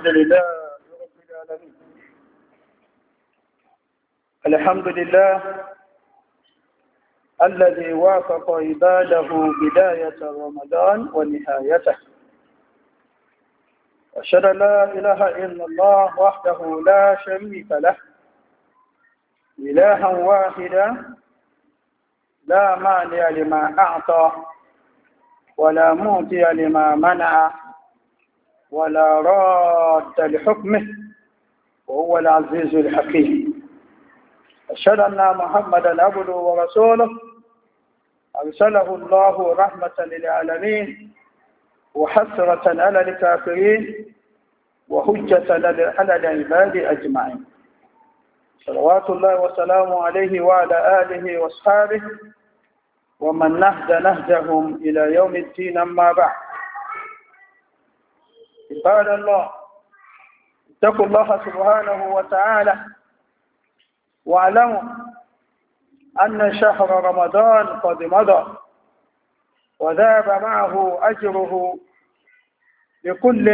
الحمد لله رب العالمين الحمد لله الذي وافق عباده بداية رمضان ونهايته أشهد لا إله إلا الله وحده لا شريك له إلها واحدا لا مانع لما أعطى ولا موتي لما منع ولا راد لحكمه وهو العزيز الحكيم أشهد أن محمدا عبده ورسوله أرسله الله رحمة للعالمين وحسرة على الكافرين وحجة على العباد أجمعين صلوات الله وسلامه عليه وعلى آله وأصحابه ومن نهد نهجهم إلى يوم الدين أما بعد عباد الله اتقوا الله سبحانه وتعالى واعلموا أن شهر رمضان قد مضى وذاب معه أجره لكل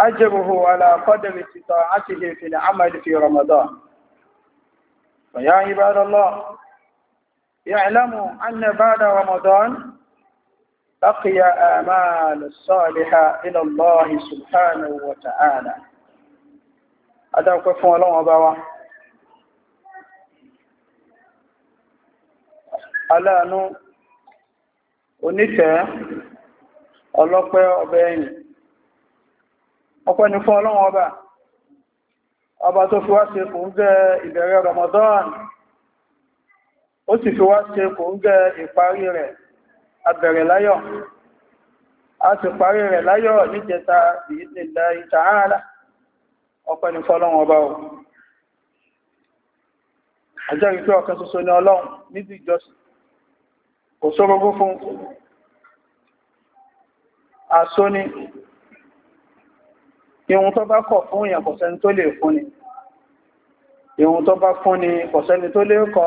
أجره على قدر استطاعته في العمل في رمضان فيا عباد الله يعلموا أن بعد رمضان بقي آمال الصالحة إلى الله سبحانه وتعالى هذا كفو الله أبوا aláàánú onífẹ̀ẹ́ ọlọ́pẹ́ ọbẹ̀ ẹ̀yìn ọpẹ́ ni fún ọlọ́run ọba ọba tó fi wá ṣe kò ń Ramadan ó abẹ̀rẹ̀ láyọ̀ a sì parí rẹ̀ láyọ̀ níjẹta ìdílé ìtàhálà ọpẹ́ ní fọ́lọ́wọ́n ọba o àjẹ́rìí pé ọ̀kan ṣoṣo ní ọlọ́run níbi ìjọsìn kò sórogún fún àṣó ni ìhun tó bá kọ̀ fún èèyàn kò sẹ́ni tó lè fún ni ìhun tó bá fún ni kò tó lè kọ̀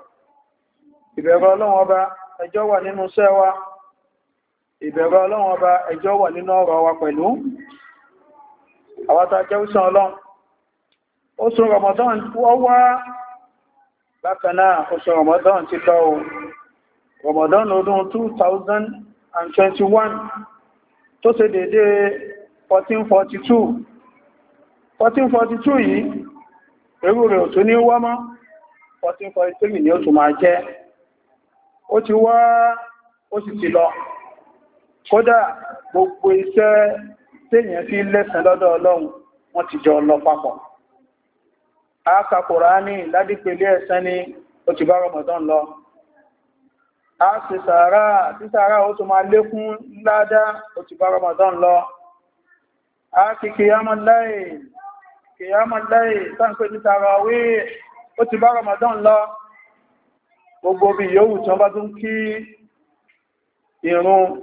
ìbẹ̀rù ọlọ́run ọba ẹjọ́ wà nínú iṣẹ́ wa ìbẹ̀rù ọlọ́run ọba ẹjọ́ wà nínú ọ̀rọ̀ wa pẹ̀lú àwátá jẹ́ òsàn ọlọ́run oṣù Ramadan wọ́n wá bákanáà oṣù Ramadan ti lọ o Ramadan ọdún 2021 tó ṣe dédé 1442 1442 yìí èrú rẹ̀ ò tún ní wá mọ́ 1443 ni ó tún máa jẹ́ ó ti wá ó sì ti lọ kódà gbogbo iṣẹ́ téèyàn fi lẹ́sàn lọ́dọ̀ ọlọ́run wọ́n ti jọ lọ papọ̀ áka kòránì ládìpele ẹ̀sán ni ó ti bá rọmọdán lọ a sì sàárà tí sàárà ó tún máa lékún ládá ó ti bá rọmọdán lọ a kì kìyàmọ̀ láì kìyàmọ̀ láì sáǹpé ní sàárà wí ó ti bá rọmọdán lọ gbogbo bí yóò tí wọ́n bá tún kí ìrun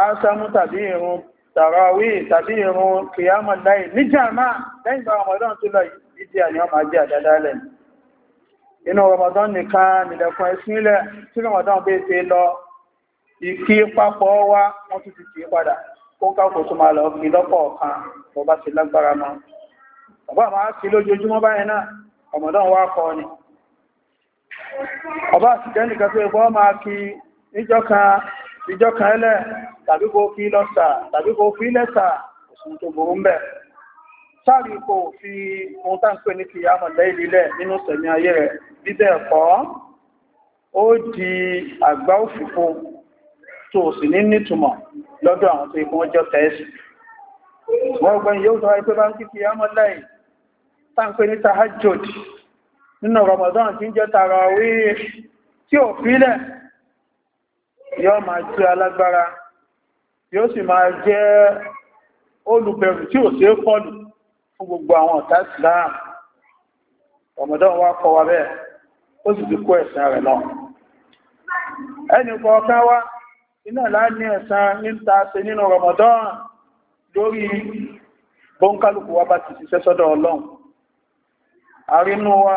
ásámú tàbí ìrun tàràwí tàbí ìrun kìyàmà láì ní jàmá lẹ́yìn bá Ramadan tó lọ ìdí àníwọ̀n máa jẹ́ àdádálẹ̀ inú Ramadan nìkan nìlẹ̀kùn ẹ̀sìnlẹ̀ tí Ramadan bẹ́ ti lọ ìkí papọ̀ wá wọ́n tún ti kìí padà kó káàkó tó máa lọ kí lọ́pọ̀ ọ̀kan bọ́ bá ti lágbára mọ́ bàbá máa kí lójoojúmọ́ báyẹn náà Ramadan wá kọ́ ni ọba àṣìkẹ́ nìkan tó ẹgbọ́ máa kí ìjọkan ẹlẹ́ tàbí kó lọ́sà tàbí fi lẹ́sà òsùn tó burú mẹ́ sáàrí kò fi ohun tá ń pè ní kìyà mọ̀lẹ́ ìlílẹ̀ nínú sẹ̀mí ayé rẹ̀ bíbẹ̀ ẹ̀kọ́ ó di àgbá òfìfo tó sì ní nítumọ̀ lọ́dọ̀ àwọn tó ikú ọjọ́ tẹ́ẹ̀sì wọ́n gbẹ̀yìn yóò nínú Ramadan tí ń jẹ́ tàràwí tí ò fílẹ̀ yóò máa jẹ́ alágbára yóò sì máa jẹ́ olùbẹ̀rù tí ò sí kọlù fún gbogbo àwọn ọ̀tá Islam Ramadan wá kọ́ wa bẹ́ẹ̀ ó sì ti kó ẹ̀sán rẹ̀ náà ẹni kọ̀ọ̀kan wá iná láàrin ẹ̀sán ní ta ṣe nínú Ramadan lórí bọ́nkálùkù wa bá ti ṣiṣẹ́ sọ́dọ̀ Ọlọ́run àrínú wa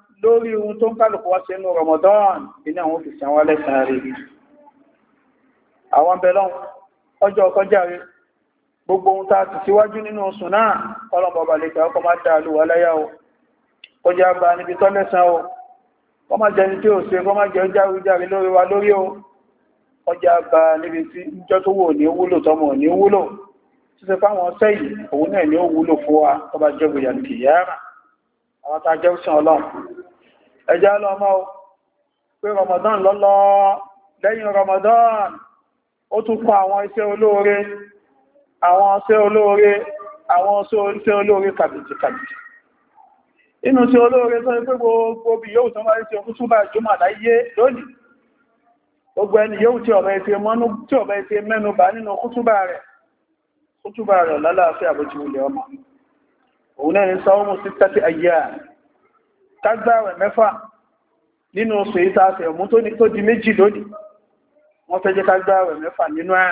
lórí ohun tó ń kálùkù wá sínú Ramadan iná àwọn òfìsàn wá lẹ́sàn rẹ̀ àwọn bẹ̀lọ́n ọjọ́ kọjá rẹ̀ gbogbo ohun tàà ti síwájú nínú oṣù náà ọlọ́mọba lè fẹ́ ọkọ̀ máa dá alúwà láyá o kọjá bá níbi tọ́ lẹ́sàn o kọ́ máa jẹni tí ó ṣe kọ́ máa jẹ ọjá fáwọn ọ̀sẹ̀ yìí òun náà ni ó wúlò fún wa tọba jẹ́ bóyá kìyàrá àwọn tàà jẹ́ òṣìṣẹ́ ọlọ́run ẹjá lọ mọ́ o pé Ramadan lọ́lọ́ lẹ́yìn Ramadan ó tún kọ àwọn iṣẹ́ olóore àwọn iṣẹ́ olóore àwọn iṣẹ́ olóore kàbìtì kàbìtì inú iṣẹ́ olóore tó ní pé gbogbo bí yóò tán báyé tí ó túnbà jùmọ̀ láyé lónìí gbogbo ẹni yóò tí ọ̀bẹ̀ ìfẹ́ mọ́nú tí ọ̀bẹ̀ ìfẹ́ mẹ́nu bá nínú kútúbà rẹ̀ kútúbà rẹ̀ lálàáfíà bó ti wùlẹ̀ ọmọ òun náà ni sáwọ́mù sí tàbí ayé kágbàwẹ̀ mẹ́fà nínú oṣù ìtàṣẹ̀ ọmú tó di méjì lónìí wọ́n fẹ́ jẹ́ kágbàwẹ̀ mẹ́fà nínú ẹ̀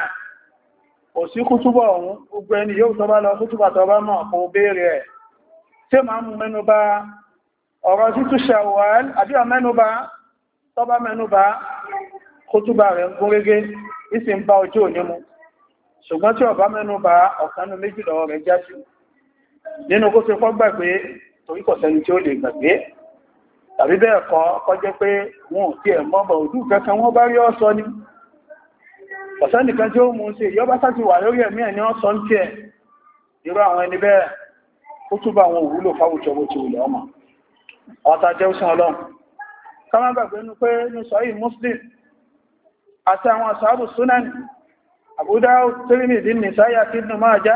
òsí kútúbọ̀ ọ̀hún gbogbo ẹni yóò tọ́bá lọ kútúbà tọ́bá mọ̀ kó béèrè ẹ̀ tí ma ń mẹ́nu bà ọ̀rọ̀ títú ṣàwọ̀l àbí ọmẹ́nu bà tọ́bá mẹ́nu bà kútúbà rẹ̀ ń gún régé ìsì ń bá ojú òní mu ṣùgbọ́n tí ọba mẹ́nu bà ọ̀kanú méjì rẹ̀ já sí nínú kó ṣe fọ́gbà pé torí kọ̀sẹ́ni tí ó lè gbàgbé tàbí bẹ́ẹ̀ kọ́ kọjẹ́ pé wọn ò tí ẹ̀ mọ́bọ̀ òdú kẹta wọ́n bá rí ọ́sọ́ ní ọ̀sán nìkan tí ó mú sí yọba sáti wà lórí ẹ̀mí ẹ̀ ní ọ́sọ́ tí ẹ̀ irú àwọn ẹni bẹ́ẹ̀ ó túbà àwọn òwúlò fáwùjọ bó ti wùlẹ̀ ọmọ ọ̀tá jẹ́ òsìn ọlọ́run ká má gbàgbé nu pé ní sọ́yìn muslim àti àwọn àsáàbù sunan àbúdá tírímìdì ní sáyà tí nù máa já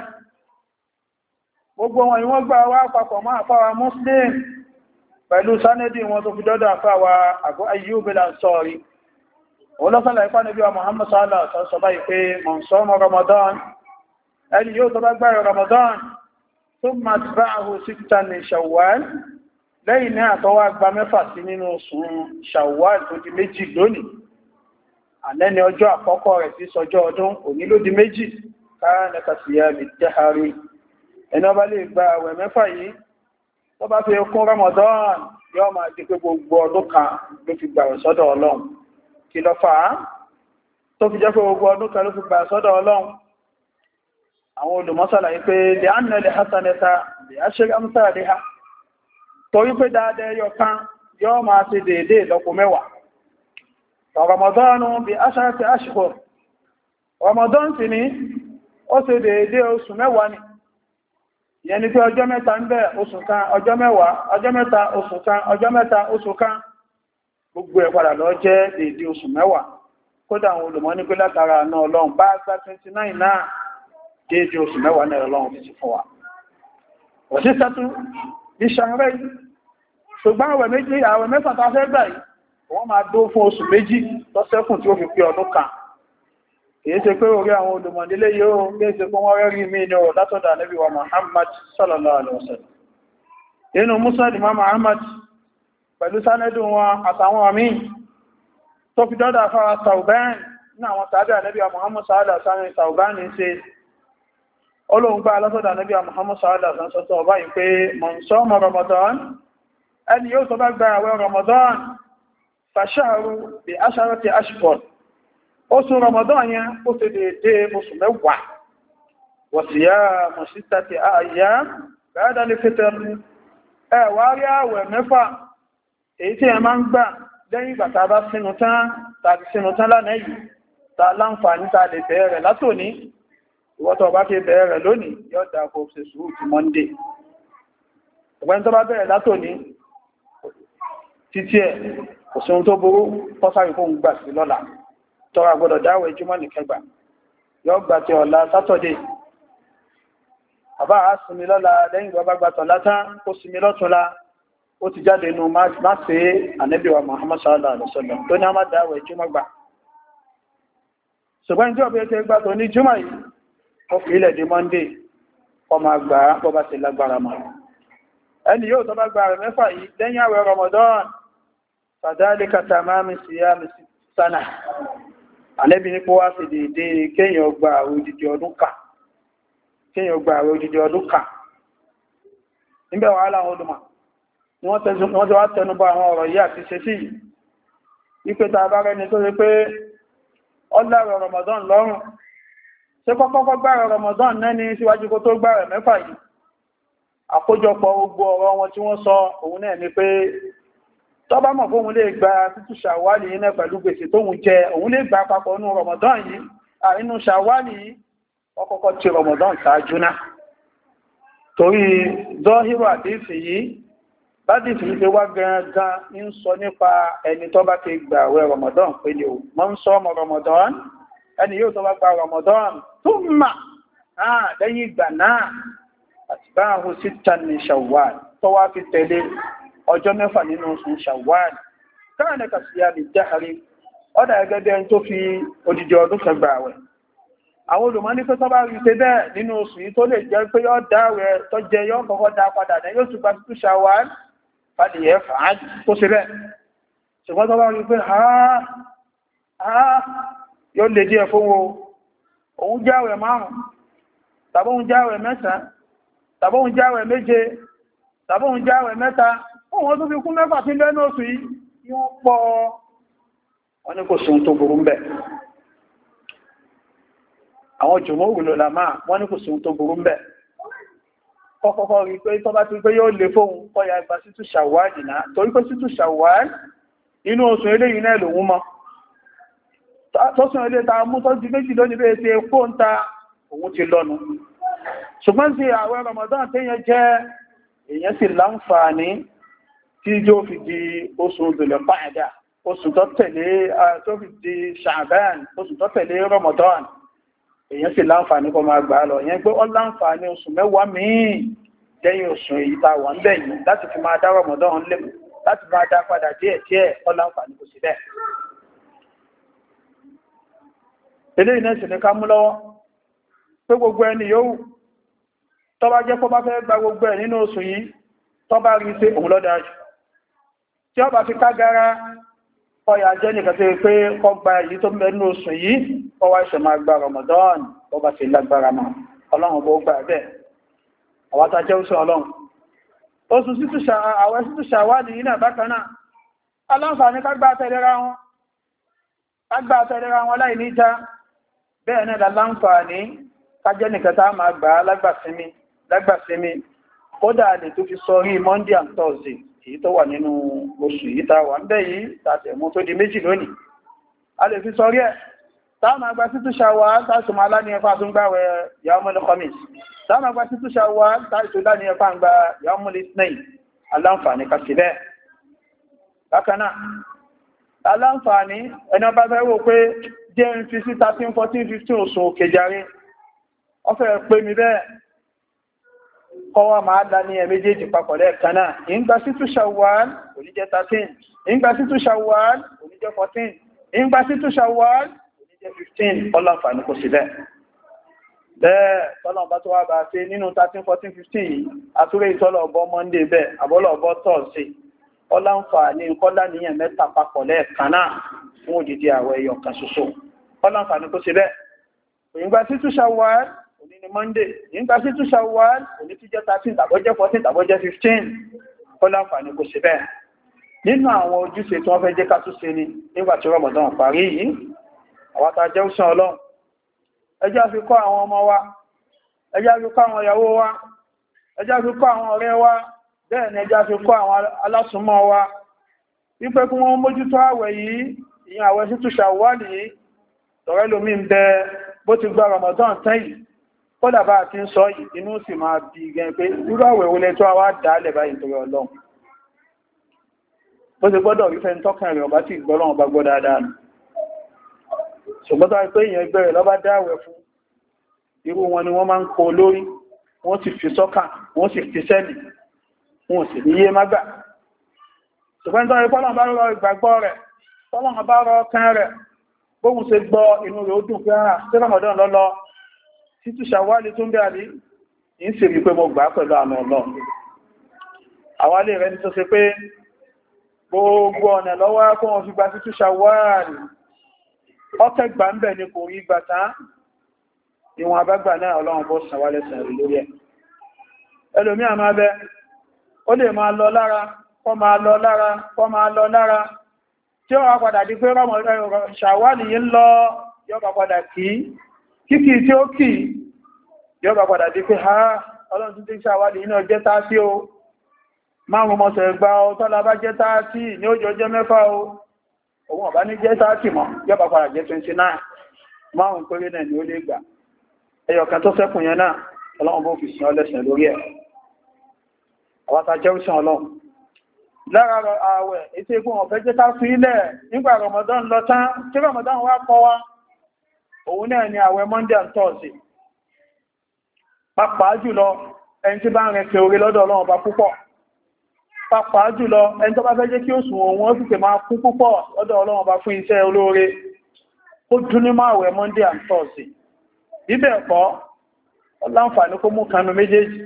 gbogbo wọn ni wọ́n gbà wá papọ̀ máa fáwa muslim pẹ̀lú sánẹ́dì wọn tó fi dọ́dọ̀ àfáwà àgọ́ ayyúbìlà sọ́ọ̀rí olóṣàlá ipá níbi wa Muhammad sallá sọ báyìí pé mọ̀sánmọ́ Ramadan ẹni yóò tó bá gbáyọ̀ Ramadan tó máa ti bá ahù síta ní Shawwal lẹ́yìn ní àtọwà gba mẹ́fà sí nínú oṣù Shawwal tó di méjì lónìí àlẹ́ni ọjọ́ àkọ́kọ́ rẹ̀ sí sọjọ́ ọdún òní ló di méjì káà nẹ́kàsíyà mi jẹ́ tó bá fi kún Ramadan yóò máa di pé gbogbo ọdún kan ló fi gbà sọ́dọ̀ Ọlọ́run kí ló fà á tó fi jẹ́ pé gbogbo ọdún kan ló fi gbà sọ́dọ̀ Ọlọ́run àwọn olùmọ́sàlà yìí pé lè á nà lè hasanẹta lè á ṣe rámsà lè ha torí pé dáadẹ́ yọ kan yóò máa ṣe déédé ìlọ́po mẹ́wàá Ramadanu bí aṣáṣe aṣíkò Ramadan sì ni ó ṣe déédé oṣù mẹ́wàá ni ìyẹn ọjọ pé ọjọ́ mẹ́ta ń oṣù kan ọjọ́ mẹ́wàá ọjọ́ mẹ́ta oṣù kan ọjọ́ mẹ́ta oṣù kan gbogbo ẹ̀ padà lọ jẹ́ dèédé oṣù mẹ́wàá kódà àwọn olùmọ́ ní pé látara náà ọlọ́run bá 29 náà dèédé oṣù mẹ́wàá náà ọlọ́run ti a kìí ṣe pé orí àwọn olùmọ̀dílé yóò lè ṣe fún wọ́n rẹ́rí mí ní ọ̀rọ̀ látọ̀dà wa Muhammad sallallahu alaihi wasallam inú Musa di Imam Ahmad pẹ̀lú sánẹ́dùn wọn àtàwọn àmì tó fi dọ́dà fara Tauban ní àwọn tàbí Ànábì wa Muhammad sallallahu alaihi wasallam Muhammad sallallahu alaihi Ramadan ẹni yóò sọ bá gba àwẹ̀ Ramadan fashahru bi asharati ashhur oṣù ramadan yẹn ó ṣe dédé oṣù mẹ́wàá wọ̀síyá mọ̀síta ti àyà gbáadà ní fẹ́tẹ̀rù ẹ̀wà rí àwẹ̀ mẹ́fà èyí tí ẹ máa ń gbà lẹ́yìn ìgbà tàbá sínú tán tàbí sínú tán lánàá yìí ta láǹfààní ta lè bẹ̀rẹ̀ látòní ìwọ́tọ̀ bá fi bẹ̀rẹ̀ lónìí yóò dá kó ṣe tọ́ra gbọ́dọ̀ dáwọ̀ ìjúmọ́ nìkan gbà yọ gbà tí ọ̀la sátọ̀dé àbá àásìmí lọ́la lẹ́yìn bàbá gbàtọ̀ látá ó sinmi lọ́túnla ó ti jáde nù má ṣe ànẹ́bíwà Muhammad sallallahu alaihi wasallam tó ní a má dáwọ̀ ìjúmọ́ gbà ṣùgbọ́n tí ọ̀bẹ̀ tẹ gbàtọ̀ ní júmọ́ yìí ó fi ilẹ̀ di Ramadan fàdálíkà tàmámi síyá àlẹ́bí ní pọ́ wá sí dèdè kéèyàn gba àwẹ̀ òdìdí ọdún kà kéèyàn gba àwẹ̀ òdìdí ọdún kà níbẹ̀ wà láwọn olùmọ̀ wọ́n ti wá tẹnubọ àwọn ọ̀rọ̀ yìí àti ṣe sí ìpé ta bá rẹni tó rí pé ọlọ́rọ̀ Ramadan lọ́rùn ṣe kọ́kọ́kọ́ Ramadan náà ní síwájú kó tó gbára mẹ́fà yìí àkójọpọ̀ gbogbo ọ̀rọ̀ wọn tí wọ́n tọ́bá mọ̀ fóun lè gba títú ṣàwálì iná pẹ̀lú gbèsè tóun jẹ òun lè gba papọ̀ inú rọmọdán yìí àínú ṣàwálì ọkọ̀kọ̀ ti rọmọdán ṣáájú náà torí zọ́hírò àdéhìsì yìí bádìsì yìí ṣe wá gangan ń sọ nípa ẹni tó bá ti gbà àwẹ̀ rọmọdán pé ni o mọ́ ń ọjọ́ mẹ́fà nínú oṣù ṣàwáàlì káàdì kàṣíyà lè ọ̀dà ẹgẹ́ tó fi odidi ọdún àwọn olùmọ́ni pé tó rí bẹ́ẹ̀ nínú oṣù yìí tó lè jẹ́ pé yọ́ dá rẹ̀ tó jẹ yọ́ kọ́kọ́ dá padà náà yóò túpa tó ṣàwáàlì fàdí yẹ tó ṣe bẹ́ẹ̀ ṣùgbọ́n rí pé ha ha yóò lè díẹ̀ fún wo òun òun tó fi kún mẹ́fà tí lẹ́nu oṣù yìí yíó pọ̀ wọ́n ní kò sún tó burú mbẹ̀ àwọn jùmọ́ òwúlò làmá wọ́n ní kò sún tó burú mbẹ̀ kọ́kọ́kọ́ rí pé tọ́bá ti pé yóò lè fóun kọ́ya gba sítú ṣàwáàdì náà torí pé sítú ṣàwáàdì inú oṣù eléyìí náà lòun mọ́ tọ́sùn ilé ta mú tọ́jú méjì lónìí bẹ́ẹ̀ ti epo ń ta òun ti lọ́nu ṣùgbọ́n sí àwẹ̀ Ramadan téèyàn jẹ́ èèyàn sì láǹfààní tí yóò fi di oṣù Dhul Qa'dah oṣù tó tẹ̀lé tó fi di Sha'ban oṣù tó tẹ̀lé Ramadan èyàn sì láǹfààní kó máa gbà á lọ ìyẹn pé ó láǹfààní oṣù mẹ́wàá míì lẹ́yìn oṣù èyí tá wà ń bẹ̀ yìí láti fi máa dá Ramadan lè láti máa dá padà díẹ̀ díẹ̀ ó láǹfààní kò sí bẹ́ẹ̀ eléyìí náà sì ká mú lọ́wọ́ pé gbogbo ẹni yóò tó bá jẹ́ kó bá fẹ́ gba gbogbo ẹ̀ nínú oṣù yìí tó bá rí sí òun lọ́dájú tí ó bá fi kágara ọyà jẹ́ nìkan tó pé ọgbà èyí tó mẹ́nu oṣù yìí ọwá ìṣẹ̀ máa gba Ramadan ó bá ti lágbára mọ́ ọlọ́run bó gbà bẹ́ẹ̀ àwátá jẹ́ oṣù ọlọ́run oṣù àwẹ̀ títù ṣàwádìí náà bákan náà aláǹfààní kágbà àtẹ́lẹ́ra wọn láì ní já bẹ́ẹ̀ náà láǹfààní kájẹ́ nìkan tá máa gbà lágbàsími kódà lè tó sọ rí Monday and Thursday èyí tó wà nínú oṣù yìí tá wà ń bẹ̀ yìí tàtẹ̀mú tó di méjì lónìí a lè fi sọrí ẹ̀ táwọn àgbà títú ṣàwà tàṣùmọ aláni ẹ̀fà tó ń gbà wẹ̀ yàmúlì khamis táwọn àgbà títú ṣàwà tàṣù láni ẹ̀fà ń gbà yàmúlì snail aláǹfààní kàṣì bẹ́ẹ̀ bákan náà aláǹfààní ẹni ọba fẹ́ wò pé jẹ́ ń fi sí 13 14 15 oṣù kejì àárẹ̀ ọ fẹ́ pé mi bẹ́ẹ̀ kọwa máa dá ní ẹ méjèèjì papọ̀ lẹ́ẹ̀kan náà ìgbà sítú Shawwal kò ní jẹ́ 13 ìgbà sítú Shawwal kò ní jẹ́ 14 ìgbà sítú Shawwal kò ní jẹ́ 15 ọlọ́nfààní kò sí bẹ́ẹ̀ bẹ́ẹ̀ tọ́lọ̀ bá tó wá bá ṣe nínú 13 14 15 yìí àtúrẹ́ ìtọ́lọ̀ ọbọ̀ Monday bẹ́ẹ̀ àbọ́lọ̀ ọbọ̀ Thursday ọlọ́nfààní kọ́lá níyàn mẹ́ta òní ni monday nígbà sí tún ṣàwọ́wàl òní tí jẹ́ 13 tàbọ́jẹ́ 14 tàbọ́jẹ́ 15 kọ́lá àǹfààní kò sí bẹ́ẹ̀ nínú àwọn ojúṣe tí wọ́n fẹ́ jẹ́ ká tún ṣe ni nígbà tí rọmọdán parí yìí àwọn tá jẹ́ òṣàn ọlọ́run ẹ jẹ́ á fi kọ́ àwọn ọmọ wa ẹ jẹ́ á fi kọ́ àwọn ìyàwó wa ẹ jẹ́ á fi kọ́ àwọn ọ̀rẹ́ wa bẹ́ẹ̀ ni ẹ jẹ́ á fi kọ́ àwọn alásùnmọ́ wa wípé kí wọ́n mójútó àwẹ̀ yìí sí tún ṣàwọ́wàl yìí ń bẹ bó ti gba rọmọdán tán kódà bá ti ń sọ yìí inú sì máa bí gan pé irú àwẹ̀ wọlé tó wá dálẹ̀ báyìí torí ọlọ́run bó ti gbọ́dọ̀ rí fẹ́ni tọ́kàn rẹ̀ ọba tí gbọ́lọ́run bá gbọ́ dáadáa nù ṣùgbọ́n tó pé èèyàn ẹgbẹ́ rẹ̀ lọ́bá dáwẹ̀ fún irú wọn ni wọ́n máa ń kó lórí wọ́n sì fi sọ́kàn wọ́n sì fi sẹ́lì wọn sì níye má gbà ṣùgbọ́n tó ìpọ́lọ̀n bá rọ ìgbàgbọ́ rẹ̀ pọ́lọ̀n bá rọ ọkàn rẹ̀ bóhun ṣe gbọ́ inú rẹ̀ ó dùn pé ara ah, sí ramadan lọ́lọ́ títù ṣàwálé tó ń bẹ́ àrí ń sì rí pé mo gbà pẹ̀lú àmì ọlọ́run àwálé rẹ̀ ní tó ṣe pé gbogbo ọ̀nà lọ́wọ́ kó wọn fi gba títù ṣàwálé ọkẹ́ gbà ń bẹ̀ ní kò rí gbà tán ìwọ̀n abágbà náà ọlọ́run bó ṣàwálé sàn lórí ẹ̀ ẹlòmí àmà tí ó kìí yọba padà di pé ha ọlọ́run tún tí ṣàwádìí iná jẹ́ tá sí o márùn mọ́sẹ̀ gba ọ tọ́lá bá jẹ́ tá sí ní ó jọ jẹ́ mẹ́fà o òun ọ̀bá ní jẹ́ tá sí mọ́ yọba padà jẹ́ 29 márùn péré náà ni ó lè gbà ẹyọ̀kan tó sẹ́kùn yẹn náà ọlọ́run bó fi sin ọlẹ́sìn lórí ẹ̀ àwátá jẹ́ òṣàn ọlọ́run lára ààwẹ̀ ètò ikú wọn fẹ́ jẹ́ tá sí ni ààwẹ̀ Monday and Thursday pàápàá jùlọ ẹni tí bá ń rẹ̀ orí lọ́dọ̀ ọlọ́run ọba púpọ̀ pàápàá jùlọ ẹni tó bá fẹ́ jẹ́ kí òsùn òun ó fìfẹ́ máa kún púpọ̀ lọ́dọ̀ ọlọ́run ọba fún iṣẹ́ olóore ó dún ní máa wẹ̀ monday and thursday bíbẹ̀ ẹ̀kọ́ láǹfààní kó mú kanu méjèèjì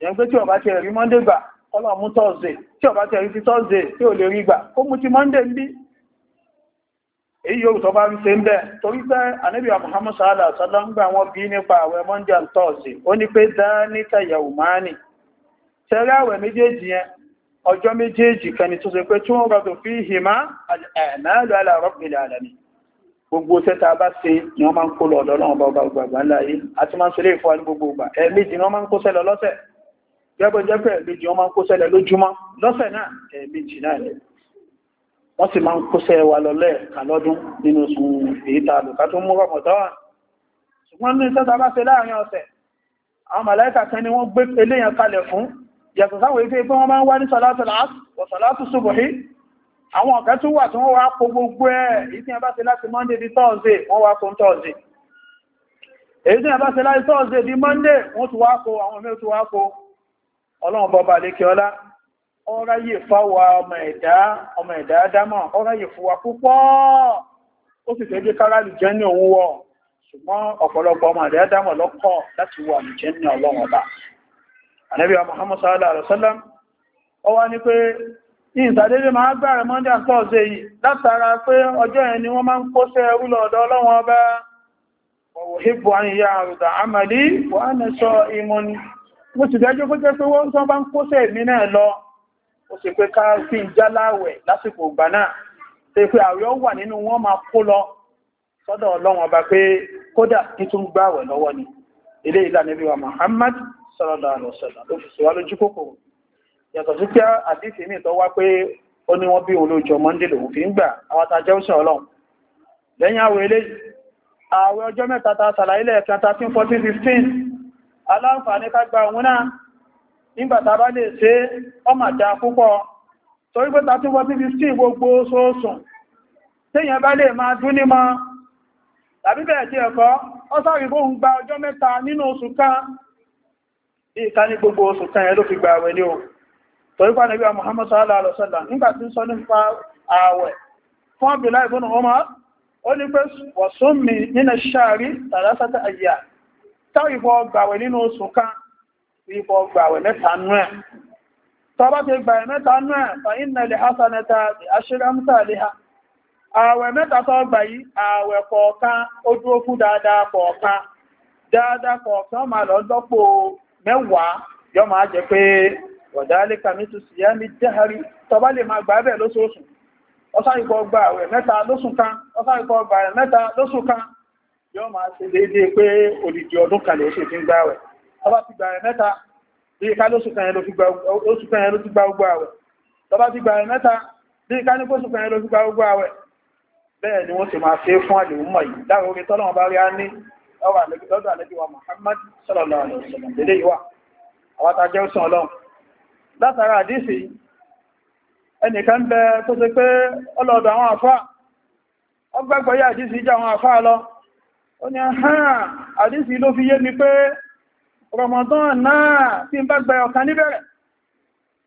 yẹn pé tí ọba ti rí monday gbà ọlọ́run mú thursday tí ọba ti rí ti thursday tí ò lè rí gbà ó mú ti monday ń bí èyí yóò tọ́ bá ń ṣe ń bẹ́ torí pé ànábì Muhammad sallallahu alaihi wasallam ń gbà wọ́n bí nípa àwẹ̀ monday and thursday ó ní pé dáníkà yahumani tẹ́rẹ àwẹ̀ méjèèjì yẹn ọjọ́ méjèèjì kan tó ṣe pé tí wọ́n rọ̀dọ̀ fi hìmá àmàlù ala rabbil alamin gbogbo tẹ́ta bá ṣe ni wọ́n máa ń kó lọ ọ̀dọ́ náà bá gbàgbà láyé àti máa ń ṣe lè fọ́ ní gbogbo ìgbà ẹ̀ẹ̀mejì ni wọ́n wọ́n sì máa ń kóṣẹ́ wa lọlẹ́ kàlọ́dún nínú oṣù èyí ta lùkà tó mú rọ̀mọ̀dán ṣùgbọ́n ní sẹ́ta bá ṣe láàrin ọ̀sẹ̀ àwọn màláìkà kan ni wọ́n gbé eléyàn kalẹ̀ fún yàtọ̀ sáwọn ife pé wọ́n máa ń wá ní sọ̀látù ṣubùhí àwọn ọ̀gá tún wà tí wọ́n wá po gbogbo ẹ̀ èyí tí wọ́n bá ṣe láti monday di thursday wọ́n wá fún thursday èyí ọ̀ráyè fáwa ọmọ ẹ̀dá ọmọ ẹ̀dá ádámọ̀ ọ̀ráyè fúwa púpọ̀ ó sì fẹ́ jẹ́ kára lè jẹ́ ní òun wọ̀ ṣùgbọ́n ọ̀pọ̀lọpọ̀ ọmọ ẹ̀dá ádámọ̀ lọ́kọ̀ láti wà ní jẹ́ ní ọlọ́run ọba ànábì Muhammad sallallahu alaihi wasallam ó wá ní pé ìsàdédé máa gbàrẹ̀ monday and thursday yìí látara pé ọjọ́ yẹn ni wọ́n máa àrùdà àmàlí wọ́n á nẹ́sọ ìmọ̀ mo sì dájú pé jẹ́ pé wọ́n sọ bá ń kó sẹ́ ìmí náà lọ ó sì pé ká fi jáláwẹ̀ lásìkò ìgbà náà ṣe pé àwẹ̀ ó wà nínú wọn máa kó lọ sọ́dọ̀ ọlọ́run ọba pé kódà títún gbàwẹ̀ lọ́wọ́ ni ilé ìlànà ibi wa Muhammad sallallahu alaihi wasallam ló fi síwá lójú kòkòrò yàtọ̀ sí pé àdífì mi tó wá pé ó ní wọ́n bí òun lóòjọ́ mọ́ndé lòun fi ń gbà àwọn tajẹ́ òṣìṣẹ́ ọlọ́run lẹ́yìn àwẹ̀ ọjọ́ mẹ́ta ta sàlàyé lẹ́ẹ̀kan 13 14 15 ká gba òun náà nígbàtà bá lè ṣe ọmàdá púpọ̀ torí pé tàtúbọ̀ sí 15 gbogbo sóòsùn tíyàn bá lè máa dún ní ma tàbí bẹ̀ẹ̀ tí ẹ̀kọ́ ọ́sàrìbó ń gba ọjọ́ mẹ́ta nínú oṣù kan ìta ní gbogbo oṣù kan ẹ̀ ló fi gba àwẹ̀ ní o torí pé Ànábì Muhammad sallallahu alaihi wasallam nígbà tí ń sọ nípa àwẹ̀ fún Abdullahi ibn Umar ó ní pé wọ̀sún mi nínú ṣáàrí tàlásátà àyà táwìbọ̀ gbàwẹ̀ nínú oṣù kan ipò ọgbà àwẹ̀ mẹ́ta nú tọba gbà ha tó gbà yìí àwẹ̀ kọ̀ọ̀kan ó dúró dáadáa kọ̀ọ̀kan dáadáa kọ̀ọ̀kan máa lọ dọ́pò mẹ́wàá yọ máa jẹ pé wọ̀dálẹ́ka mi tún síyá ní jẹ́hari tọba lè máa gbà bẹ́ẹ̀ gba gba ọba ti gbà rẹ̀ mẹ́ta bí i ká lóṣù kan yẹn ló fi gba gbogbo àwẹ̀ tọba ti gbà rẹ̀ mẹ́ta bí i ká ní kóṣù kan yẹn ló fi gba gbogbo àwẹ̀ bẹ́ẹ̀ ni wọ́n ti máa ṣe fún àlè ọmọ yìí láwọn orin tọ́lọ́wọ́n bá rí á ní ọwà lọ́dọ̀ àlẹ́bíwá Muhammad sallallahu alaihi wasallam lélé ìwà àwọn tàjẹ́ òsàn ọlọ́run látara àdísì ẹnìkan bẹ tó ṣe pé ọlọ́dọ̀ àwọn àfá ọgbẹ́gbọ́ yá àdísì jẹ́ àwọn àfá lọ ó ní àdísì Ramadan náà tí ń bá gbẹ ọ̀kan níbẹ̀rẹ̀,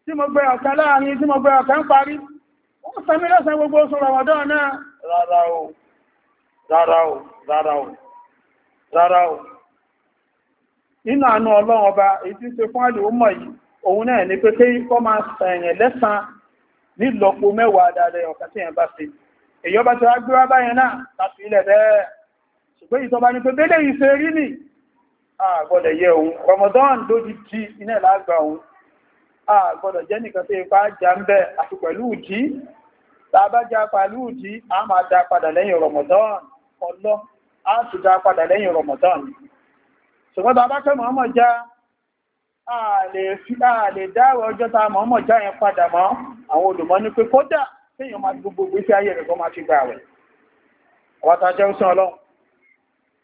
tí mo gbẹ ọ̀kan láàrin, tí mo gbẹ ọ̀kan ń parí. Wọ́n sami lọ́sàn gbogbo oṣù Ramadan náà. Rárá o, rárá o, rárá o, rárá o. Nínú àánú Ọlọ́run ọba, èyí tí ṣe fún àlè ọmọ yìí, òun náà ní pé kí kọ́ máa sẹ̀yìn lẹ́sàn nílọ́po mẹ́wàá dáadáa ọ̀kan tí yẹn bá ṣe. Èyí ọba ti wá gbé wá báyẹn náà láti ilẹ̀ bẹ́ẹ̀. Ṣùgbọ́n ìtọ́ba ni pé bẹ́lẹ̀ yìí ṣe rí nìí àgbọ́dọ̀ yẹ òun Ramadan tó ti tí iná lágbà òun àgbọ́dọ̀ jẹ́ nìkan tó ipá jà ń bẹ́ àti pẹ̀lú ìdí tàbájá pẹ̀lú ìdí a máa dá padà lẹ́yìn Ramadan ọlọ́ a sì dá padà lẹ́yìn Ramadan ṣùgbọ́n tàbá pẹ́ mọ́mọ̀ já a lè dáwọ̀ ọjọ́ ta mọ́mọ̀ já yẹn padà mọ́ àwọn olùmọ́ ní pé kódà téèyàn máa gbogbo ìgbésí ayé rẹ̀ kọ́ máa fi gbà rẹ̀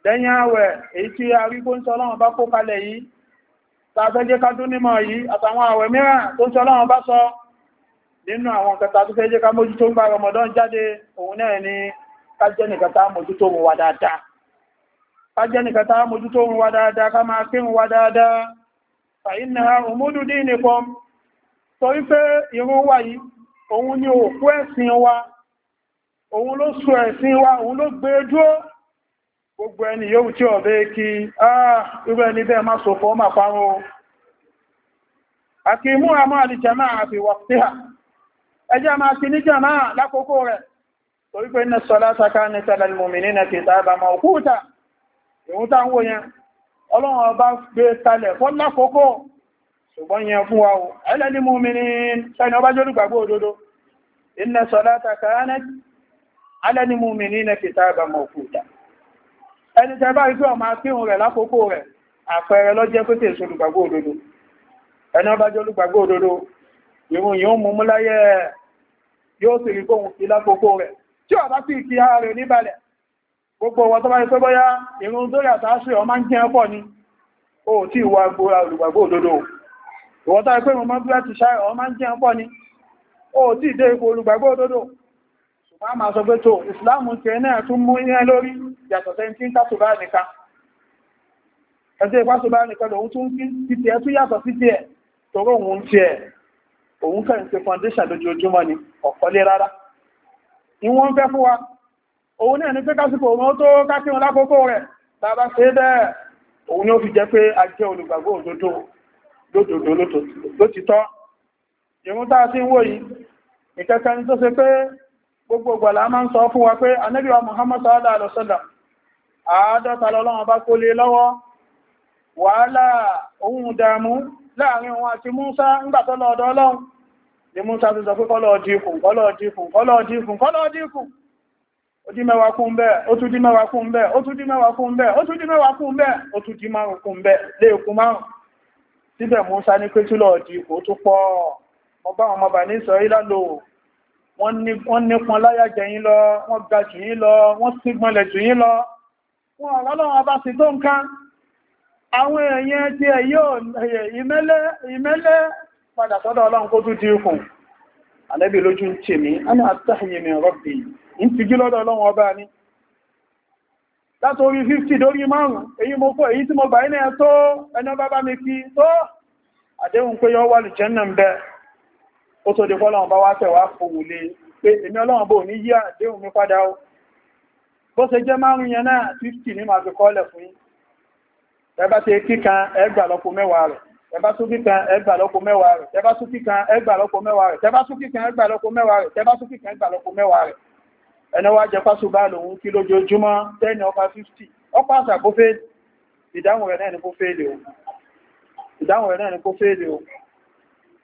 lẹ́yìn àwẹ̀ èyí tí a rí gbóǹsọ́ ọlọ́run bá kó kalẹ̀ yìí tàbẹ́jẹ́ ká dún nímọ̀ yìí àtàwọn àwẹ̀ mìíràn tó ń sọ ọlọ́run bá sọ nínú àwọn kẹta tó fẹ́ jẹ́ ká mójútó ń bá Ramadan jáde òun náà ni kájẹ́ nìkan tá mójútó mu wa dáadáa kájẹ́ nìkan tá mójútó mu wa dáadáa ká máa kí mu wa dáadáa gbogbo ẹni yóò tí ọ̀bẹ́ kí ah, irú ẹni bẹ́ẹ̀ má so fọ́ máa parun àti mú àmọ́ àlìjàmá àfi waqtiha ẹjá máa kí ní jàmá lákòókò rẹ̀ torí pé inna salata kanat lil mu'minina kitaban mawquta ìhun tá ń wò yẹn ọlọ́run ọba gbé kalẹ̀ fọ́ lákòókò ṣùgbọ́n yẹn fún wa o ẹlẹ́ni mu'minin sẹ́ni ọba jẹ́ olùgbàgbọ́ òdodo inna salata kanat lil mu'minina kitaban mawquta ẹni tẹ bá rí pé ọmọ akíhun rẹ̀ lákòókò rẹ̀ àpẹẹrẹ lọ́jẹ́ pé tèso olùgbàgbọ́ òdodo ẹni ọba jẹ́ olùgbàgbọ́ òdodo ìrun yìí ó mú mú láyé yóò sì rí kóhun sí lákòókò rẹ̀ tí ó bá sì kí ara rẹ̀ níbalẹ̀ gbogbo ọwọ́ tó bá rí pé bóyá ìrun tó yàtọ̀ aṣọ ọmọ ń jẹ́ pọ̀ ni ó tí ìwà agbóra olùgbàgbọ́ òdodo ìwọ́n tó rí pé mo mọ́ bí láti ṣá ọmọ ń jẹ́ pọ̀ ni ó tí ìdé ipò olùgbàgbọ́ òdodo wọ́n máa sọ pé tó ìsìláàmù tẹ náà tún mú iná lórí yàtọ̀ tẹ́ tí ń tàtùbá nìkan ẹjẹ́ ìpásùbá nìkan lòun tún kí ti ẹ̀ tún yàtọ̀ sí ti ẹ̀ tọrọ òun ti ẹ̀ òun kẹ́ ń ṣe foundation lójoojúmọ́ ni ọ̀kọ́lé rárá ni wọ́n fẹ́ fún wa òun náà ní pé kásìkò òun tó kákí wọn lákòókò rẹ̀ bàbá ṣe bẹ́ẹ̀ òun ni ó fi jẹ́ pé a jẹ́ olùgbàgbọ́ òdodo lódodo lótìtọ́ ìrún tá a ti ń wò yìí ìkẹta ni tó ṣe pé gbogbo gbàlá máa ń sọ fún wa pé anẹ́bíwa Muhammad sallallahu alaihi wasallam àádọ́ta lọ́lọ́wọ́ wàhálà Musa ńgbàtọ́lọ́ ọ̀dọ́ Ọlọ́run ni Musa ti sọ pé kọ́lọ̀ ọdíkùn kọ́lọ̀ kọ́lọ̀ bẹ́ẹ̀ wọ́n nípọn láyàjẹ yín lọ wọ́n ga jù yín lọ wọ́n sígbọ́nlẹ̀ jù yín lọ wọ́n ọ̀rọ̀lọ́wọ́n bá sì tó nǹkan àwọn èèyàn tí ẹ yóò ìmẹ́lẹ́ padà sọ́dọ̀ ọlọ́run kó tún di ikùn alẹ́bì lójú ń tè mí a ní àtàyè mi rọ́bì ń ti gílọ́dọ̀ ọlọ́run ọba ní látorí 50 dórí márùn èyí mo kó èyí tí mo bàí ó tó di fọ́lọ́run bá wá fẹ̀ wá fòwò lè pé èmi ọlọ́run bò ní yí àdéhùn mi padà ó bó ṣe jẹ́ márùn yẹn náà 50 ní máa fi kọ́lẹ̀ fún yín ẹbá ti kíkan ẹgbà lọ́pọ̀ mẹ́wàá rẹ̀ ẹbá tún kíkan ẹgbà lọ́pọ̀ mẹ́wàá rẹ̀ ẹbá tún kíkan ẹgbà lọ́pọ̀ mẹ́wàá rẹ̀ ẹbá tún kíkan ẹgbà lọ́pọ̀ mẹ́wàá rẹ̀ ẹbá tún kíkan ẹgbà lọ́pọ̀ mẹ́wàá rẹ̀ ẹni wá jẹ pásù bá lòun kí lójoojúmọ́ tẹ́ni ọpa 50 ọpa àṣà kó fẹ́ẹ̀lì ìdáhùn rẹ̀ náà ni kó fẹ́ẹ̀lì o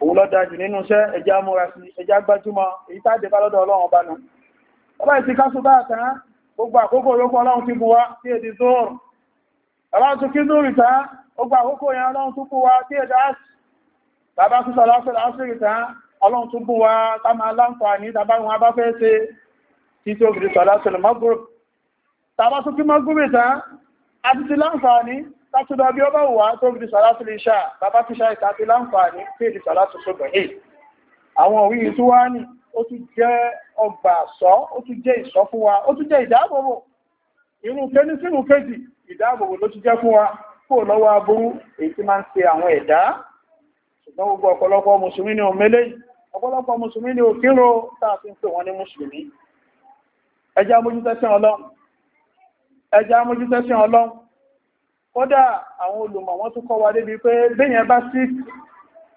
òun lọ dájú nínú iṣẹ́ ẹjá múra sí ẹjá gbájúmọ́ èyí tàbí bá lọ́dọ̀ ọlọ́run ọba nù ọba ìsì kásù bá àtàn gbogbo àkókò yóò kọ́ ọlọ́run ti bù wá tí èdè zoro ọba tún kí zoro tán gbogbo àkókò yẹn ọlọ́run tún bù wá tí èdè asì tàbá tún sọ̀rọ̀ ọ̀sẹ̀ lásìrì tán ọlọ́run tún bù wá tá máa láǹfààní tàbá wọn bá fẹ́ ṣe tí tí ó fi sọ̀rọ̀ ọ̀sẹ̀ lọ́mọ́gbòrò tàbá tún tátúdọ̀ bí ọba wà tó bí sàlátù lè ṣáà bàbá fi ṣáà ìtàkì láǹfààní pé di sàlátù sọ́dọ̀ yìí àwọn òwú yìí tó wá ní ó tún jẹ́ ọgbà sọ ó tún jẹ́ ìsọ fún wa ó tún jẹ́ ìdáàbòbò irú kẹ́ni sínú kejì ìdáàbòbò ló tún jẹ́ fún wa kó lọ́wọ́ aburú èyí tí máa ń ṣe àwọn ẹ̀dá ṣùgbọ́n gbogbo ọ̀pọ̀lọpọ̀ mùsùlùmí ni òmélé ọ̀pọ̀lọpọ̀ mùsùlùmí ni òkírò tá a fi ń pè wọ́n ní mùsùlùmí ẹjẹ́ amójútẹ́sìn ọlọ́run kódà àwọn olùmọ̀ wọ́n tún kọ́ débi pé béèyàn bá sí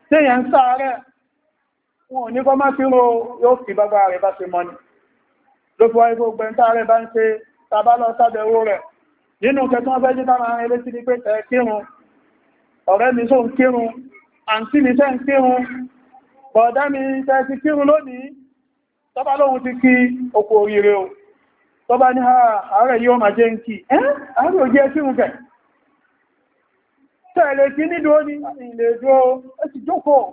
téèyàn ń sáàárẹ̀ wọn ò ní kọ́ má fi ro yóò fi bàbá rẹ̀ bá ṣe mọ́ni ló fi wáyé gbogbo ẹ̀ntà rẹ̀ bá ń ṣe tàbá lọ sábẹ̀wó rẹ̀ nínú kẹtún fẹ́ jí tára rẹ̀ létí ní pé tẹ̀ kírun ọ̀rẹ́ mi só ń kírun àǹtí mi ti lónìí tẹ̀lé sí nílò ní ilé ìjọ ẹ̀sì jókòó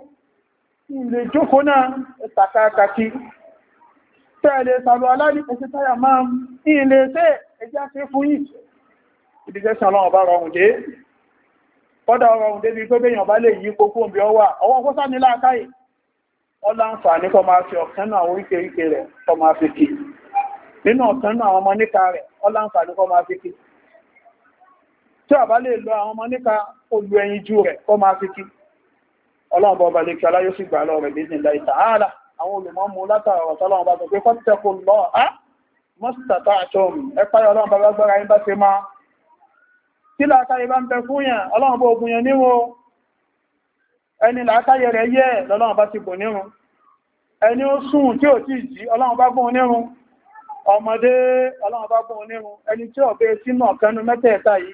ilé jókòó náà ẹ̀sàkàkàkì tẹ̀lé sàlọ aláàrí pẹ̀sẹ̀ táyà máa ilé tẹ́ ẹjá tẹ́ fún yìí ìdíjẹ́ sàlọ ọ̀bá rọrùn dé kọ́dà rọrùn dé bí pé bẹ́yàn bá lè yí kókó bí ọwà ọwọ́ kọ́sá ní láàkáì wọ́n láǹfààní kọ́ máa fi ọ̀kan náà àwọn oríkèríkè rẹ̀ kọ́ máa fi kì nínú ọ̀kan náà àwọn ọmọ níka rẹ̀ wọ́n láǹfààní kọ́ máa fi lọ àwọn ọmọ níka olú ẹyin jú rẹ̀ kọ́ máa fi kí ọlọ́run bọba lè kí aláyọ́ sì gbà lọ́rẹ̀ bí nílá ìtàhálà àwọn olùmọ́ mú látàrà ọ̀tọ́lọ́run bá sọ pé fọ́tẹ́kù lọ á mọ́sítàtà àtọ́m ẹpáyà ọlọ́run bàbá gbọ́ra yín bá ṣe máa kí làákàyè bá ń bẹ fún yàn ọlọ́run bó ogun yẹn níwò ẹni làákàyè rẹ̀ yẹ lọ́lọ́run bá ti bò nírun ẹni ó sùn tí ò tí jí ọlọ́run bá bùn nírun ọmọdé ọlọ́run bá bùn nírun ẹni tí ọ̀bẹ sínú ọ̀kanú mẹ́tẹ̀ẹ̀ta yìí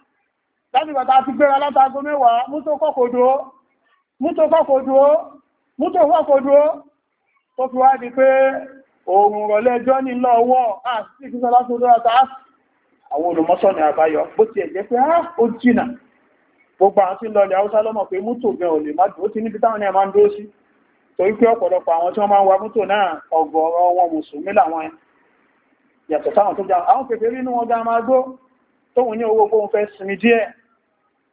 láti bàtà ti gbéra látago mẹ́wàá mútó kọ́kòdúó o tó fi wá di pé oòrùn rọ̀lẹ́ jọ́ ní lọ́wọ́ àwọn olùmọ́sọ́ ni àbáyọ bó ti gbogbo lọlẹ̀ lọ́mọ̀ pé mútò ò lè níbi táwọn ń sí torí pé ọ̀pọ̀lọpọ̀ àwọn tí wọ́n máa ń wa mútò náà wọn mùsùlùmí yàtọ̀ tó jà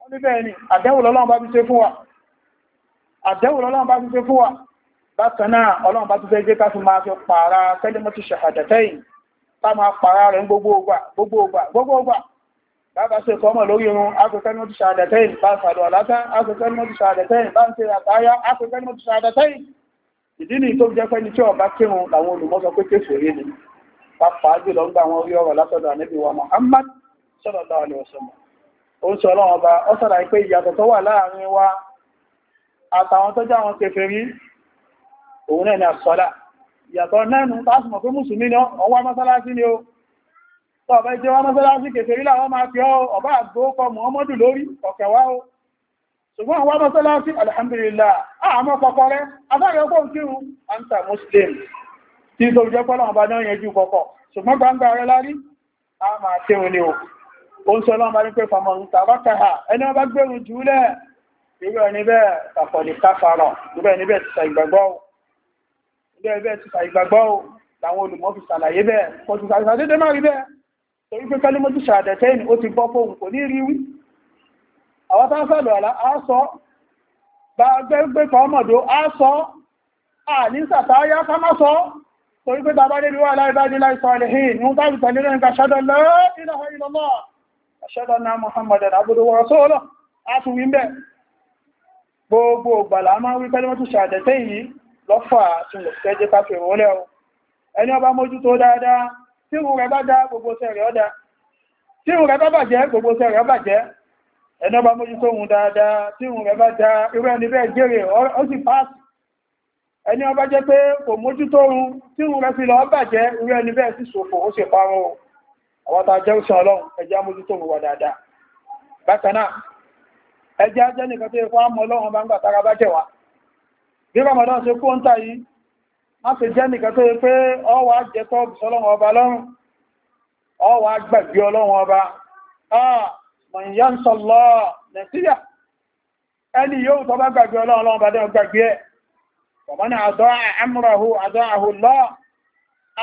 wọ́n ní bẹ́ẹ̀ ni àdẹ́wò lọ́lọ́run bá fi ṣe fún wa àdẹ́wò lọ́lọ́run bá fi ṣe fún wa bákan náà ọlọ́run bá tún fẹ́ jẹ́ ká fi máa fi pààrà kẹ́lẹ́mọ́tì ṣàhàdàtẹ́yìn ká máa pààrà rẹ̀ gbogbo ògbà gbogbo ògbà gbogbo ògbà bàbá ṣe kọmọ̀ lórí irun akẹ́kẹ́lẹ́mọ́tì ṣàhàdàtẹ́yìn bá sàlọ̀ àlátá akẹ́kẹ́lẹ́mọ́tì ṣàhàdàtẹ́yìn bá ń ṣe àtàyà akẹ́kẹ́lẹ́mọ́tì ṣàhàdàtẹ́yìn ìdí ni tó jẹ́ pẹ́ni tí ọba kírun làwọn olùmọ́sọ pé kéfèrè ni pàápàá jùlọ ń gbà wọn rí ọ̀rọ̀ látọ̀dọ̀ ó ń sọ ọlọ́run ọba ó sọ̀rọ̀ pé ìyàtọ̀ tó wà láàrin wa àtàwọn tó jáwọn kèfèrí òun náà ni àsọ́lá ìyàtọ̀ nẹ́nu tásùmọ̀ pé mùsùlùmí ni ọwá mọ́sálásí ni ó tó ọba jẹ́ wá mọ́sálásí kèfèrí láwọn máa fi ọba àgbókọ Muhammadu lórí ọ̀kẹ̀wá o ṣùgbọ́n wá mọ́sálásí òun sọ lọ́wọ́ ní pé fàmọ̀ ń tàbá kàá ẹni ọba gbẹ̀rùn jùlẹ̀ irú ẹni bẹ́ẹ̀ tàfọ̀lì káfàrọ̀ irú ẹni bẹ́ẹ̀ ti ṣàìgbàgbọ́ irú ẹni bẹ́ẹ̀ ti ṣàìgbàgbọ́ làwọn olùmọ̀ fi ṣàlàyé bẹ́ẹ̀ kò ti ṣàdédé má rí bẹ́ẹ̀ torí pé kálí mo ti ṣàdẹ̀tẹ́yìn ó ti bọ́ fóun kò ní rí wí àwọn tá ń sọ̀lọ̀ àlá á sọ bá gbẹ́gbẹ́ kan mọ̀dó á sọ à ní sàtáyá ká má mú tábìtà nílẹ̀ nǹkan ṣádọ́ lọ́ ìlàhà ìlọ́lọ́ aṣẹ́dọ̀ náà Muhammadan abúrú wọ́rọ̀ sóòlọ́ a tún wí bẹ́ gbogbo gbàlá máa wí pẹ́lú mọ́tún ṣàdẹ̀tẹ́ yìí lọ́fà tí mo fẹ́ jẹ́ káfẹ́ ìrọ̀lẹ́ o ẹni ọba mójú tó dáadáa tí mo rẹ̀ bá dá gbogbo ṣẹ́ rẹ̀ ọ̀dá tí mo rẹ̀ bá bàjẹ́ gbogbo ṣẹ́ rẹ̀ bàjẹ́ ẹni ọba mójú tó jẹ́ pé kò mójú tó tí mo rẹ̀ fi lọ bàjẹ́ irú ẹni bẹ́ẹ̀ sì ṣòfò ó sì parun àwọn tàà jẹ́ òṣìn ọlọ́run ẹjá mójútó wà dáadáa bákanáà ẹjá jẹ́ nìkan tó ikú àmọ́ ọlọ́run bá ń gbàtara bá jẹ̀wà bí ramadan ṣe kú ń tà yìí má ṣe jẹ́ nìkan tó pé ọwà jẹ́ tọ́ọ̀bù sọlọ́run ọba lọ́rùn ọwà gbàgbé ọlọ́run ọba mọ̀nyánsọ̀lọ́ nàìjíríà ẹni yóò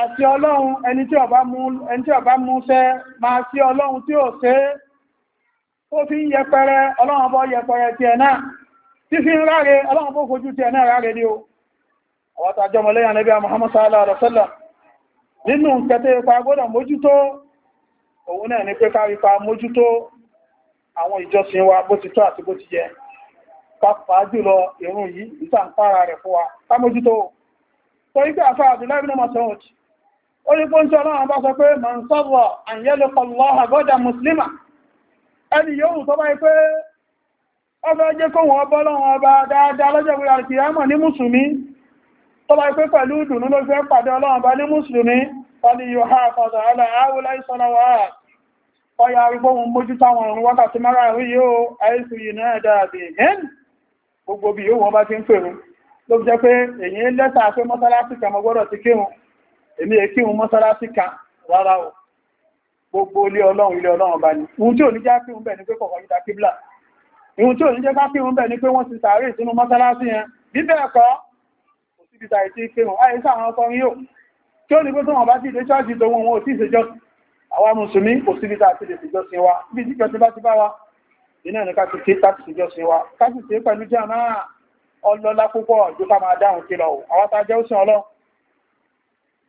àti ọlọ́run ẹni tí ọba mú ṣẹ́ máa sí ọlọ́run tí ó ṣe ó fi ń yẹpẹrẹ ọlọ́run bọ́ yẹpẹrẹ ti ẹ̀nà tí fi ń ráre ọlọ́run bó fojú ti ẹ̀nà ráre ní o àwọ́ta jọmọlẹ́yàn Ànábì Muhammad sallallahu alaihi wasallam nínú kẹtẹ́ ipa gbọ́dọ̀ mójútó òun náà ni pé ká ipa mójútó àwọn ìjọsìn wa bó ti tọ́ àti bó ti yẹ pàápàá jùlọ ìrun yìí ìtàǹpára orípo ń ṣe ọlọ́run bá sọ pé ma ń sọ́rọ̀ àyẹ́lẹ́kọ̀lọ́ha gọ́dà muslima ẹni yóò tó bá pé ọbẹ̀ jẹ́ kó wọ́n bọ́ lọ́wọ́ ọba dáadáa lọ́jọ́ ìwé alkiyama ní mùsùlùmí tó bá pé pẹ̀lú ìdùnnú ló fẹ́ pàdé ọlọ́run bá ní mùsùlùmí ọlì yóò ha fọ́dọ̀ ọlọ́ àwọlá ìsọ́lọ́wọ́ ọya arúgbó wọn mójú táwọn ọ̀run wákàtí mara rí èmi èkí wọn mọ́sálásí kan rárá o gbogbo ilé ọlọ́run ilé ọlọ́run bá ní ohun tí ò ní jẹ́ kí wọn bẹ̀ ní pé kọ̀kọ́ yíta kíblà ohun tí ò ní jẹ́ kí wọn bẹ̀ ní pé wọ́n ti sàárè sínú mọ́sálásí yẹn bí bẹ́ẹ̀ kọ́ kò sí ibi tàìtì pé wọn ayé sáwọn ọkọ yóò tí ó ní pé tó wọn bá ti dé ṣọ́ọ̀jì tó wọn ò tí ì ṣèjọ́ àwa mùsùlùmí kò sí ibi tàìtì lè ṣèjọ́ sí wa bí jíjọ ti bá ti bá wa iná ní ká ṣe tá ṣèjọ́ sí wa ká ṣe pẹ̀lú jẹ́ náà ọlọ́lá púpọ̀ ju máa dáhùn kí lọ àwọn tá a jẹ́ ọlọ́run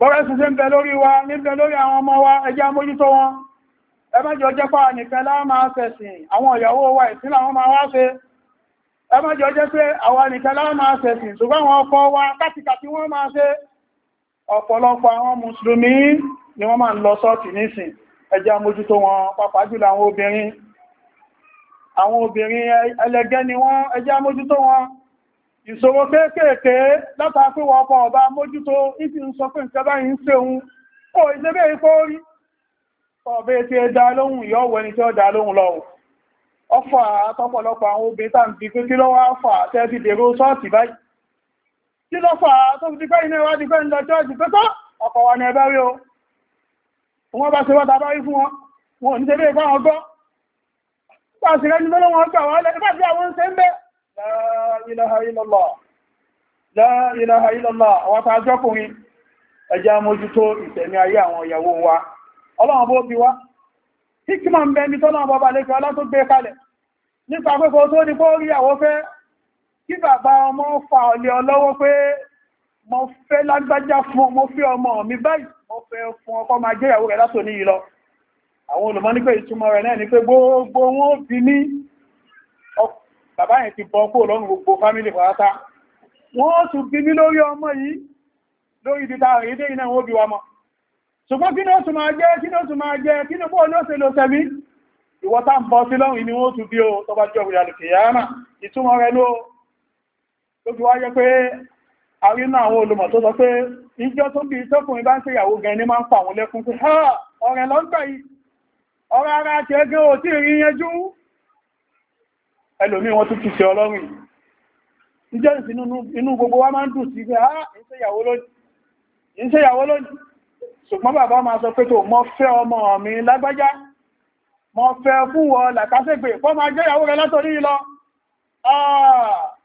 bọ́rẹ́ sí ń bẹ lórí wa níbẹ̀ lórí àwọn ọmọ wa ẹjẹ́ amójútó wọn ẹmẹ́jọ jẹ́ pàà nìkan láà máa ṣẹ̀sìn àwọn ìyàwó wa ìsìn àwọn máa wá ṣe ẹmẹ́jọ jẹ́ pé àwa nìkan láà máa ṣẹ̀sìn ṣùgbọ́n wa kátìkàtì wọ́n máa ṣe ọ̀pọ̀lọpọ̀ àwọn mùsùlùmí ni wọ́n máa ń lọ sọ́ọ̀tì nísìn ẹjẹ́ amójútó wọn pàápàá jùlọ àwọn ìṣòro kéékèèké látàfíwọ ọkọ̀ ọba mójútó ìfì ń sọ pé nǹkan báyìí ń ṣe òun ó ìṣẹ́bẹ̀ ikó rí ọ̀bẹ̀ tí ẹ dá lóhùn yọ́ wẹni tí ó dá lóhùn lọ ọfà àtọ́pọ̀lọpọ̀ àwọn obìnrin tá ń bi pé kí ló wá fà tẹ́ fi dèrò ṣọ́ọ̀tì báyìí kí ló fà tó fi pẹ́ iná ìwádìí pẹ́ ń lọ ṣọ́ọ̀tì pé tó ọkọ̀ wà ní ẹbẹ́ rí o wọ́n bá ṣe wọ́ta bá rí fún wọn wọn ò ní ṣe bí ìpá wọn gbọ́ la ilaha illallah la ilaha illallah àwọn tá a jọ́kùnrin ẹjá mójútó ìtẹ̀mí ayé àwọn ìyàwó wa ọlọ́run bó bí wá hikima ń bẹni tọ́nà bọ́bá lẹ́kẹ́ ọlá tó gbé kalẹ̀ nípa pẹ́kọ́ tó ní kó rí àwọ́ fẹ́ kí bàbá ọmọ fa ọ̀lẹ́ ọlọ́wọ́ pé mo fẹ́ lágbájá fún mo fẹ́ ọmọ mi báyìí mo fẹ́ fún ọkọ máa jẹ́ ìyàwó rẹ̀ látò ní ìlọ àwọn olùmọ́ ní pé ìtumọ̀ rẹ̀ náà ni pé bàbá yẹn ti bọ́ kó lọ́rùn gbogbo fámílì pàátá wọ́n tún bí ní lórí ọmọ yìí lórí ìdíta èdè iná wọ́n bí wa mọ́ ṣùgbọ́n kí ní ó tún máa jẹ́ kí ní ó tún máa jẹ́ kí ní bó ló ṣe ló tẹ̀mí ìwọ́ta ń bọ́ sí lọ́rùn ni wọ́n tún bí o tọ́bá jọ ìyà lòkè yàrá ìtumọ̀ rẹ̀ ló fi wá jẹ́ pé arínú àwọn olùmọ̀ tó sọ pé ìjọ tó bí tọ́kùnrin bá ń ṣe ìyàwó gan ní máa ń pa àwọn lẹ́kún pé ọ̀rẹ́ lọ́gbà yìí ọ̀rẹ́ ara ti ẹgbẹ́ ẹlòmí wọn tún kìí ọlọ́rin ìjọ́ ìsinú inú gbogbo wa máa ń dùn sí pé ha ìṣẹ́yàwó lónìí ṣùgbọ́n bàbá máa sọ pé tó mọ́ fẹ́ ọmọ mi lágbájá mọ́ fẹ́ fúwọ́ làkásẹ́gbè fọ́ máa jẹ́ ìyàwó rẹ látọ̀rí lọ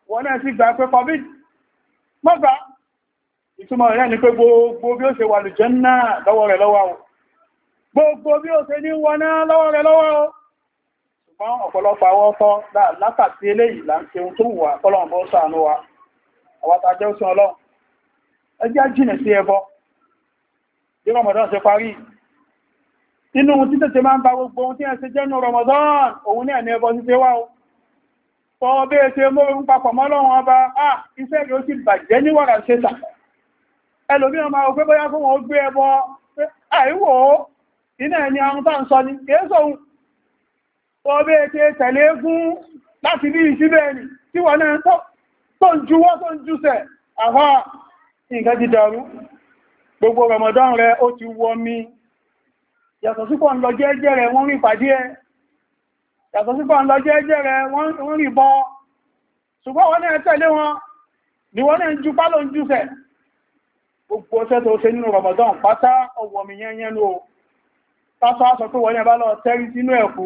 wọ́n náà sì gbà pé covid mọ́gbà ìtumọ̀ rẹ̀ ni pé gbogbo bí ó ṣe wà lùjẹ́ náà lọ́wọ́ rẹ̀ lọ́wọ́ fún ọ̀pọ̀lọpọ̀ àwọn ọkọ́ látàtí eléyìí là ń ṣe ohun tó wà tọ́lọ́run bọ́ sàánú wa àwátà jẹ́ òsìn ọlọ́run ẹjẹ́ jìnà sí ẹbọ bí Ramadan ṣe parí inú ohun títẹ̀ tẹ máa ń ba gbogbo ohun tí ẹ ṣe jẹ́nu Ramadan òun ní ẹ̀ní ẹbọ ṣíṣe wá o tọ́ bí ẹ ṣe mọ́rún papọ̀ mọ́lọ́run ọba à iṣẹ́ rẹ̀ ó sì bàjẹ́ ní wàrà ṣe tà ẹlòmíràn máa wọ́n pé bóyá fún wọn ó gbé ẹbọ àìwò iná ẹni ahun tá ọbẹ̀ ẹ̀kẹ́ tẹ̀lé gún láti ní ìṣíbẹ̀ ẹni tí wọ́n náà tó ń juwọ́ tó ń jùsẹ̀ àwọ́ nǹkan ti dàrú gbogbo Ramadan rẹ ó ti wọ mi yàtọ̀ sípò ń lọ jẹ́ẹ́jẹ́ rẹ wọ́n rí pàdé ẹ yàtọ̀ ni wọ́n náà ń ju pálọ̀ ń jùsẹ̀ gbogbo ọṣẹ́ tó ṣe nínú Ramadan pátá ọwọ́ mi yẹn yẹn ló pátá sọ pé wọ́n yẹn bá lọ tẹ́rí sínú ẹ̀kú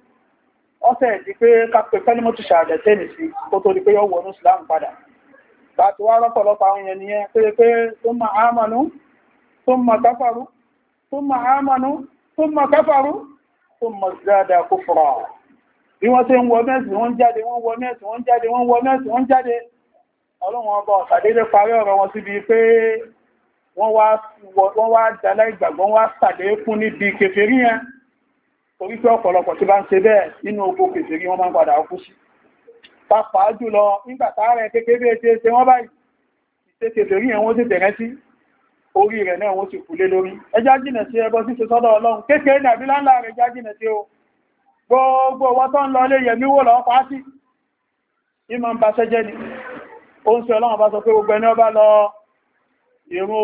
ọ́sẹ̀ di pé kápẹ́ kẹ́límọ́tù ṣàdẹ̀tẹ́nì sí kó tó di pé yọ wọnú ìsìláàmù padà láti wá rọ́pọ̀lọpọ̀ àwọn èèyàn nìyẹn pé pé tó ma ámànú tó ma káfàrú tó ma ámànú tó ma káfàrú tó ma zádà kó fọ́rọ̀ bí wọ́n tí ń wọ mẹ́sì wọ́n jáde wọ́n wọ mẹ́sì wọ́n jáde wọ́n wọ mẹ́sì wọ́n jáde ọlọ́wọ́n ọba ọ̀sàdédé parí ọ̀rọ̀ wọn síbi pé wọ́n wá dálá ìgbàgbọ́ wá sàdé fún níbi kèfèrí yẹn orí pé ọ̀pọ̀lọpọ̀ tí bá ń ṣe bẹ́ẹ̀ nínú oko kèfèrí wọ́n máa ń padà kú sí pàápàá jùlọ nígbàtà rẹ̀ kékeré ṣe ṣe wọ́n báyìí ṣe kèfèrí yẹn wọ́n sì tẹ̀rẹ́ sí orí rẹ̀ náà wọ́n sì kú lé lórí ẹjá jìnà sí ẹbọ sí ṣe sọ́dọ̀ ọlọ́run kékeré nàbí láńlá rẹ̀ já jìnà sí o gbogbo owó tó ń lọ lé yẹmí wò lọ pa sí ìmọ̀ ń ba sẹ́jẹ́ ni ó ń sọ ọlọ́run bá sọ pé gbogbo ẹni ọba lọ ìrún